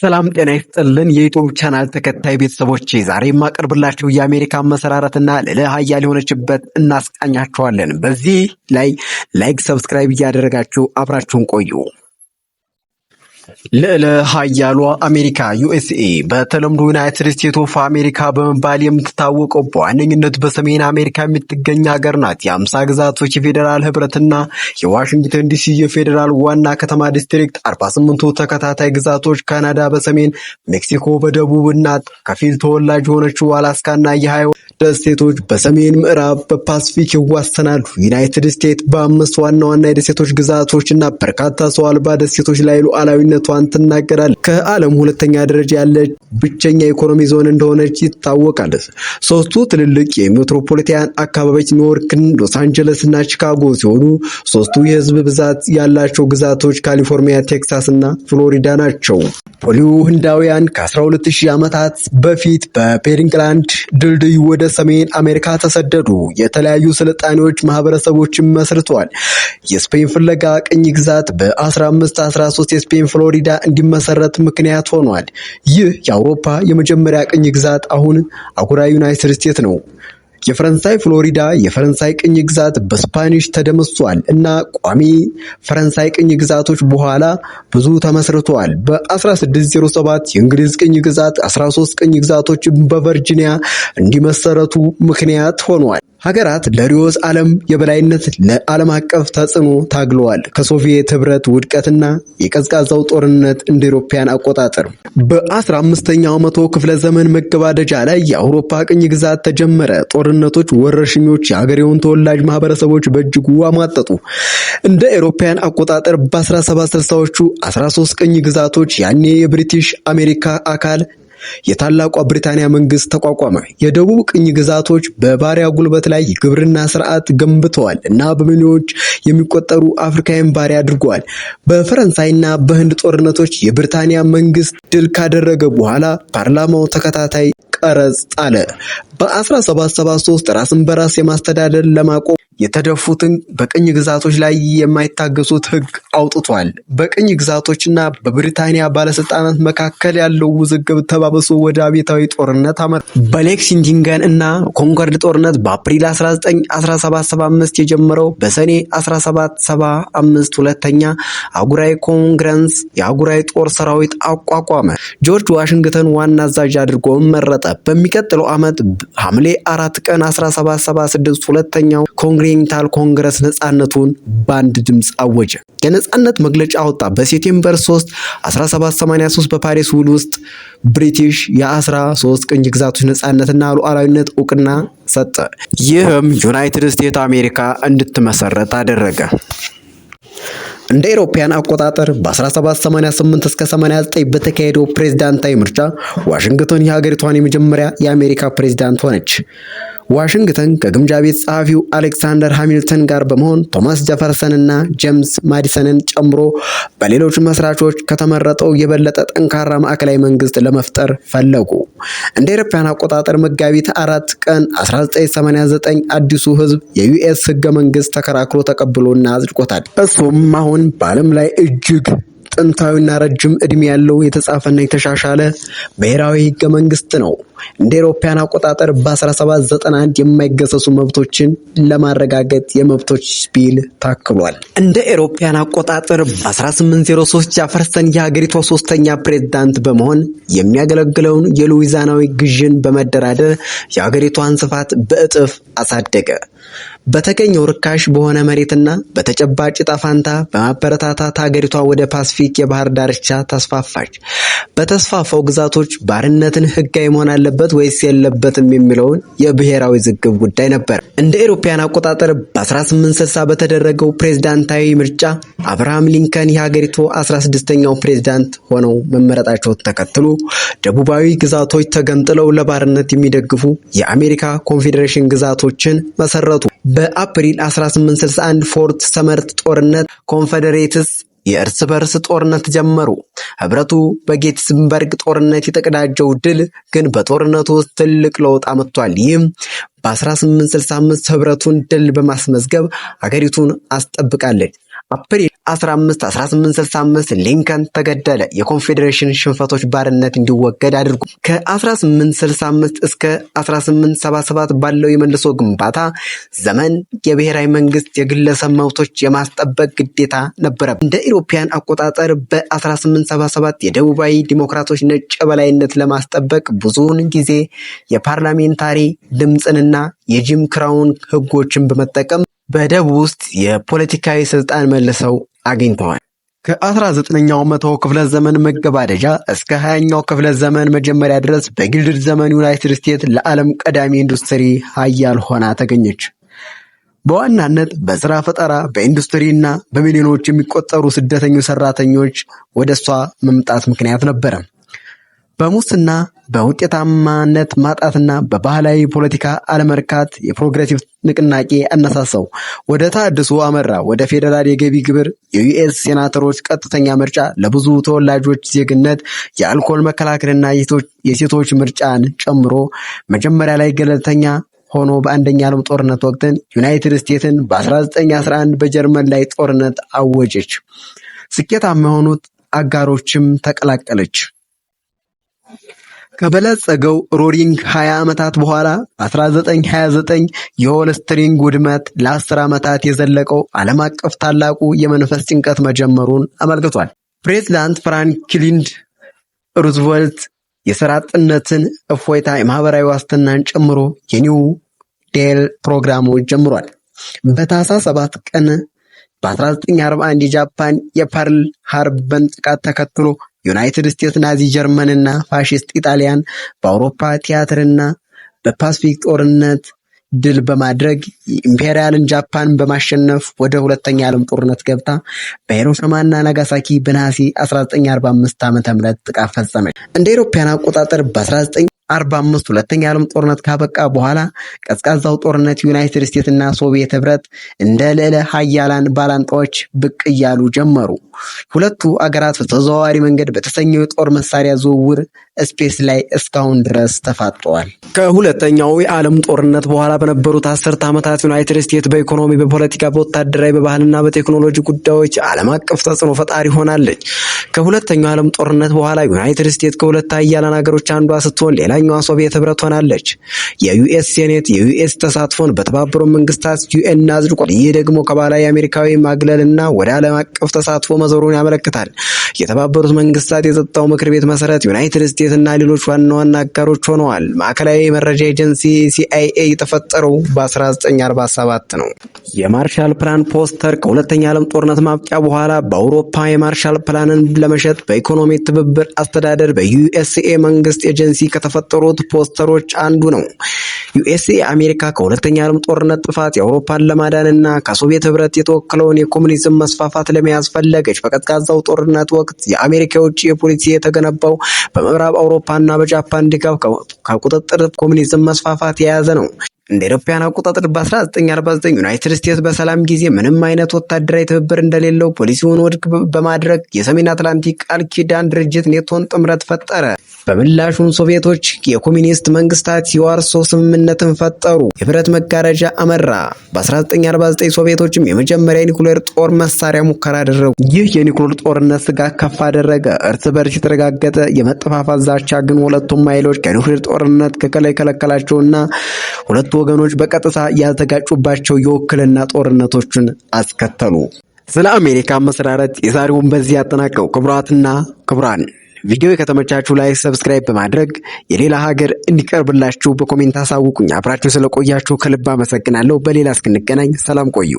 ሰላም ጤና ይስጥልን የዩቱብ ቻናል ተከታይ ቤተሰቦች፣ ዛሬ የማቀርብላችሁ የአሜሪካን መሰራረትና ልዕለ ሀያል ሊሆነችበት እናስቃኛችኋለን። በዚህ ላይ ላይክ፣ ሰብስክራይብ እያደረጋችሁ አብራችሁን ቆዩ። ልዕለ ሀያሉ አሜሪካ ዩኤስኤ በተለምዶ ዩናይትድ ስቴትስ ኦፍ አሜሪካ በመባል የምትታወቀው በዋነኝነት በሰሜን አሜሪካ የምትገኝ ሀገር ናት። የአምሳ ግዛቶች የፌዴራል ህብረትና የዋሽንግተን ዲሲ የፌዴራል ዋና ከተማ ዲስትሪክት አርባ ስምንቱ ተከታታይ ግዛቶች፣ ካናዳ በሰሜን ሜክሲኮ በደቡብ እና ከፊል ተወላጅ የሆነችው አላስካና የሀይ ደሴቶች በሰሜን ምዕራብ በፓስፊክ ይዋሰናሉ። ዩናይትድ ስቴትስ በአምስት ዋና ዋና የደሴቶች ግዛቶች እና በርካታ ሰው አልባ ደሴቶች ላይ ሉዓላዊነቷን ትናገራለች። ከዓለም ሁለተኛ ደረጃ ያለች ብቸኛ ኢኮኖሚ ዞን እንደሆነች ይታወቃል። ሶስቱ ትልልቅ የሜትሮፖሊታን አካባቢዎች ኒውዮርክን፣ ሎስ አንጀለስ እና ቺካጎ ሲሆኑ ሶስቱ የህዝብ ብዛት ያላቸው ግዛቶች ካሊፎርኒያ፣ ቴክሳስ እና ፍሎሪዳ ናቸው። ፖሊዮ ህንዳውያን ከ12000 ዓመታት በፊት በፔሪንግላንድ ድልድይ ወደ ሰሜን አሜሪካ ተሰደዱ። የተለያዩ ስልጣኔዎች ማህበረሰቦችን መስርተዋል። የስፔን ፍለጋ ቅኝ ግዛት በ1513 የስፔን ፍሎሪዳ እንዲመሰረት ምክንያት ሆኗል። ይህ የአውሮፓ የመጀመሪያ ቅኝ ግዛት አሁን አጉራ ዩናይትድ ስቴትስ ነው። የፈረንሳይ ፍሎሪዳ የፈረንሳይ ቅኝ ግዛት በስፓኒሽ ተደምሷል እና ቋሚ ፈረንሳይ ቅኝ ግዛቶች በኋላ ብዙ ተመስርተዋል። በ1607 የእንግሊዝ ቅኝ ግዛት 13 ቅኝ ግዛቶች በቨርጂኒያ እንዲመሰረቱ ምክንያት ሆኗል። ሀገራት ለሪዮስ ዓለም የበላይነት ለዓለም አቀፍ ተጽዕኖ ታግለዋል። ከሶቪየት ህብረት ውድቀትና የቀዝቃዛው ጦርነት እንደ ኢሮፓያን አቆጣጠር በ15ኛው መቶ ክፍለ ዘመን መገባደጃ ላይ የአውሮፓ ቅኝ ግዛት ተጀመረ። ጦርነቶች፣ ወረርሽኞች የሀገሬውን ተወላጅ ማህበረሰቦች በእጅጉ አሟጠጡ። እንደ ኢሮፓያን አቆጣጠር በ1760ዎቹ 13 ቅኝ ግዛቶች ያኔ የብሪቲሽ አሜሪካ አካል የታላቋ ብሪታንያ መንግስት ተቋቋመ። የደቡብ ቅኝ ግዛቶች በባሪያ ጉልበት ላይ ግብርና ስርዓት ገንብተዋል እና በሚሊዮኖች የሚቆጠሩ አፍሪካውያን ባሪያ አድርገዋል። በፈረንሳይና በህንድ ጦርነቶች የብሪታንያ መንግስት ድል ካደረገ በኋላ ፓርላማው ተከታታይ ቀረጽ ጣለ። በ1773 ራስን በራስ የማስተዳደር ለማቆም የተደፉትን በቅኝ ግዛቶች ላይ የማይታገሱት ሕግ አውጥቷል። በቅኝ ግዛቶችና በብሪታንያ ባለስልጣናት መካከል ያለው ውዝግብ ተባብሶ ወደ አቤታዊ ጦርነት አመ በሌክሲንግተን እና ኮንኮርድ ጦርነት በአፕሪል 19 1775 የጀመረው በሰኔ 1775 ሁለተኛ አጉራዊ ኮንግረስ የአጉራዊ ጦር ሰራዊት አቋቋመ። ጆርጅ ዋሽንግተን ዋና አዛዥ አድርጎ መረጠ። በሚቀጥለው ዓመት ሐምሌ 4 ቀን 1776 ሁለተኛው ኮንግ ኦሪየንታል ኮንግረስ ነፃነቱን በአንድ ድምፅ አወጀ። የነፃነት መግለጫ አወጣ። በሴፕቴምበር 3 1783 በፓሪስ ውል ውስጥ ብሪቲሽ የ13 ቅኝ ግዛቶች ነፃነትና ሉዓላዊነት እውቅና ሰጠ። ይህም ዩናይትድ ስቴትስ አሜሪካ እንድትመሰረት አደረገ። እንደ ኢሮፓያን አቆጣጠር በ1788 እስከ 89 በተካሄደው ፕሬዝዳንታዊ ምርጫ ዋሽንግተን የሀገሪቷን የመጀመሪያ የአሜሪካ ፕሬዝዳንት ሆነች። ዋሽንግተን ከግምጃ ቤት ጸሐፊው አሌክሳንደር ሃሚልተን ጋር በመሆን ቶማስ ጀፈርሰን እና ጄምስ ማዲሰንን ጨምሮ በሌሎች መስራቾች ከተመረጠው የበለጠ ጠንካራ ማዕከላዊ መንግስት ለመፍጠር ፈለጉ። እንደ አውሮፓውያን አቆጣጠር መጋቢት አራት ቀን 1989 አዲሱ ህዝብ የዩኤስ ህገ መንግስት ተከራክሮ ተቀብሎና አጽድቆታል። እሱም አሁን በዓለም ላይ እጅግ ጥንታዊና ረጅም ዕድሜ ያለው የተጻፈና የተሻሻለ ብሔራዊ ህገ መንግስት ነው። እንደ ኤሮፓያን አቆጣጠር በ1791 የማይገሰሱ መብቶችን ለማረጋገጥ የመብቶች ቢል ታክሏል። እንደ ኤሮፓያን አቆጣጠር በ1803 ጃፈርሰን የሀገሪቷ ሶስተኛ ፕሬዝዳንት በመሆን የሚያገለግለውን የሉዊዛናዊ ግዥን በመደራደር የሀገሪቷን ስፋት በእጥፍ አሳደገ። በተገኘው ርካሽ በሆነ መሬትና በተጨባጭ ጣፋንታ በማበረታታት ሀገሪቷ ወደ ፓስፊክ የባህር ዳርቻ ተስፋፋች። በተስፋፋው ግዛቶች ባርነትን ህጋዊ መሆናል አለበት ወይስ የለበትም የሚለውን የብሔራዊ ዝግብ ጉዳይ ነበር። እንደ አውሮፓውያን አቆጣጠር በ1860 በተደረገው ፕሬዝዳንታዊ ምርጫ አብርሃም ሊንከን የሀገሪቱ 16ኛው ፕሬዝዳንት ሆነው መመረጣቸው ተከትሎ ደቡባዊ ግዛቶች ተገንጥለው ለባርነት የሚደግፉ የአሜሪካ ኮንፌዴሬሽን ግዛቶችን መሰረቱ። በአፕሪል 1861 ፎርት ሰመርት ጦርነት ኮንፌዴሬትስ የእርስ በርስ ጦርነት ጀመሩ። ህብረቱ በጌትስበርግ ጦርነት የተቀዳጀው ድል ግን በጦርነቱ ውስጥ ትልቅ ለውጥ አመጥቷል። ይህም በ1865 ህብረቱን ድል በማስመዝገብ አገሪቱን አስጠብቃለች። አፕሪል 15 1865 ሊንከን ተገደለ። የኮንፌዴሬሽን ሽንፈቶች ባርነት እንዲወገድ አድርጉ። ከ1865 እስከ 1877 ባለው የመልሶ ግንባታ ዘመን የብሔራዊ መንግስት የግለሰብ መብቶች የማስጠበቅ ግዴታ ነበረ። እንደ ኢሮፓያን አቆጣጠር በ1877 የደቡባዊ ዲሞክራቶች ነጭ የበላይነት ለማስጠበቅ ብዙውን ጊዜ የፓርላሜንታሪ ድምፅንና የጂም ክራውን ህጎችን በመጠቀም በደቡብ ውስጥ የፖለቲካዊ ስልጣን መልሰው አግኝተዋል። ከ19ኛው መቶ ክፍለ ዘመን መገባደጃ እስከ 20ኛው ክፍለ ዘመን መጀመሪያ ድረስ በጊልድ ዘመን ዩናይትድ ስቴትስ ለዓለም ቀዳሚ ኢንዱስትሪ ሀያል ሆና ተገኘች። በዋናነት በስራ ፈጠራ፣ በኢንዱስትሪ እና በሚሊዮኖች የሚቆጠሩ ስደተኞች ሰራተኞች ወደ እሷ መምጣት ምክንያት ነበረ። በሙስና በውጤታማነት ማጣትና በባህላዊ ፖለቲካ አለመርካት የፕሮግሬሲቭ ንቅናቄ አነሳሳው። ወደ ታድሶ አመራ። ወደ ፌዴራል የገቢ ግብር፣ የዩኤስ ሴናተሮች ቀጥተኛ ምርጫ፣ ለብዙ ተወላጆች ዜግነት፣ የአልኮል መከላከልና የሴቶች ምርጫን ጨምሮ መጀመሪያ ላይ ገለልተኛ ሆኖ በአንደኛ ዓለም ጦርነት ወቅትን ዩናይትድ ስቴትስን በ1911 በጀርመን ላይ ጦርነት አወጀች። ስኬታማ የሆኑት አጋሮችም ተቀላቀለች። ከበለጸገው ሮሪንግ 20 ዓመታት በኋላ በ1929 የሆል ስትሪንግ ውድመት ለ10 ዓመታት የዘለቀው ዓለም አቀፍ ታላቁ የመንፈስ ጭንቀት መጀመሩን አመልክቷል። ፕሬዚዳንት ፍራንክሊንድ ሩዝቨልት የሥራ አጥነትን እፎይታ፣ የማኅበራዊ ዋስትናን ጨምሮ የኒው ዴል ፕሮግራሞች ጀምሯል። በታሳ 7 ቀን በ1941 የጃፓን የፐርል ሃርበን ጥቃት ተከትሎ ዩናይትድ ስቴትስ ናዚ ጀርመንና ፋሽስት ኢጣሊያን በአውሮፓ ቲያትርና በፓስፊክ ጦርነት ድል በማድረግ ኢምፔሪያልን ጃፓን በማሸነፍ ወደ ሁለተኛ ዓለም ጦርነት ገብታ በሂሮሺማና ናጋሳኪ በነሐሴ 1945 ዓ ም ጥቃት ፈጸመች። እንደ አውሮፓውያን አቆጣጠር በ19 45 ሁለተኛ ዓለም ጦርነት ካበቃ በኋላ ቀዝቃዛው ጦርነት ዩናይትድ ስቴትስ እና ሶቪየት ህብረት እንደ ልዕለ ሀያላን ባላንጣዎች ብቅ እያሉ ጀመሩ። ሁለቱ አገራት በተዘዋዋሪ መንገድ በተሰኘው የጦር መሳሪያ ዝውውር ስፔስ ላይ እስካሁን ድረስ ተፋጠዋል። ከሁለተኛው የዓለም ጦርነት በኋላ በነበሩት አስርት ዓመታት ዩናይትድ ስቴትስ በኢኮኖሚ፣ በፖለቲካ፣ በወታደራዊ፣ በባህልና በቴክኖሎጂ ጉዳዮች ዓለም አቀፍ ተጽዕኖ ፈጣሪ ሆናለች። ከሁለተኛው የዓለም ጦርነት በኋላ ዩናይትድ ስቴትስ ከሁለት ሀያላን ሀገሮች አንዷ ስትሆን ሌላኛዋ ሶቪየት ህብረት ሆናለች። የዩኤስ ሴኔት የዩኤስ ተሳትፎን በተባበሩት መንግስታት ዩኤን አጽድቋል። ይህ ደግሞ ከባህላዊ አሜሪካዊ ማግለልና ወደ ዓለም አቀፍ ተሳትፎ መዞሩን ያመለክታል። የተባበሩት መንግስታት የጸጥታው ምክር ቤት መሰረት ዩናይትድ ስቴትስ ስቴትና ሌሎች ዋና ዋና አጋሮች ሆነዋል። ማዕከላዊ የመረጃ ኤጀንሲ ሲአይኤ የተፈጠረው በ1947 ነው። የማርሻል ፕላን ፖስተር ከሁለተኛ ዓለም ጦርነት ማብቂያ በኋላ በአውሮፓ የማርሻል ፕላንን ለመሸጥ በኢኮኖሚ ትብብር አስተዳደር በዩኤስኤ መንግስት ኤጀንሲ ከተፈጠሩት ፖስተሮች አንዱ ነው። ዩኤስኤ አሜሪካ ከሁለተኛ ዓለም ጦርነት ጥፋት የአውሮፓን ለማዳንና ከሶቪየት ህብረት የተወከለውን የኮሙኒዝም መስፋፋት ለመያዝ ፈለገች። በቀዝቃዛው ጦርነት ወቅት የአሜሪካ የውጭ የፖሊሲ የተገነባው በምዕራብ በምዕራብ አውሮፓና በጃፓን ድጋፍ ከቁጥጥር ኮሚኒዝም መስፋፋት የያዘ ነው። እንደ ኢትዮጵያን አቆጣጠር በ1949 ዩናይትድ ስቴትስ በሰላም ጊዜ ምንም አይነት ወታደራዊ ትብብር እንደሌለው ፖሊሲውን ውድቅ በማድረግ የሰሜን አትላንቲክ ቃል ኪዳን ድርጅት ኔቶን ጥምረት ፈጠረ። በምላሹም ሶቪየቶች የኮሚኒስት መንግስታት የዋርሶ ስምምነትን ፈጠሩ። የብረት መጋረጃ አመራ። በ1949 ሶቪየቶችም የመጀመሪያ የኒኩሌር ጦር መሳሪያ ሙከራ አደረጉ። ይህ የኒኩሌር ጦርነት ስጋት ከፍ አደረገ። እርስ በርስ የተረጋገጠ የመጠፋፋት ዛቻ ግን ሁለቱም ኃይሎች ከኒኩሌር ጦርነት ከከላይ ከለከላቸውና ሁለቱ ወገኖች በቀጥታ ያልተጋጩባቸው የውክልና ጦርነቶችን አስከተሉ። ስለ አሜሪካ መሰራረት የዛሬውን በዚህ ያጠናቀው። ክቡራትና ክቡራን ቪዲዮ ከተመቻችሁ ላይ ሰብስክራይብ በማድረግ የሌላ ሀገር እንዲቀርብላችሁ በኮሜንት አሳውቁኝ። አብራችሁ ስለቆያችሁ ከልብ አመሰግናለሁ። በሌላ እስክንገናኝ ሰላም ቆዩ።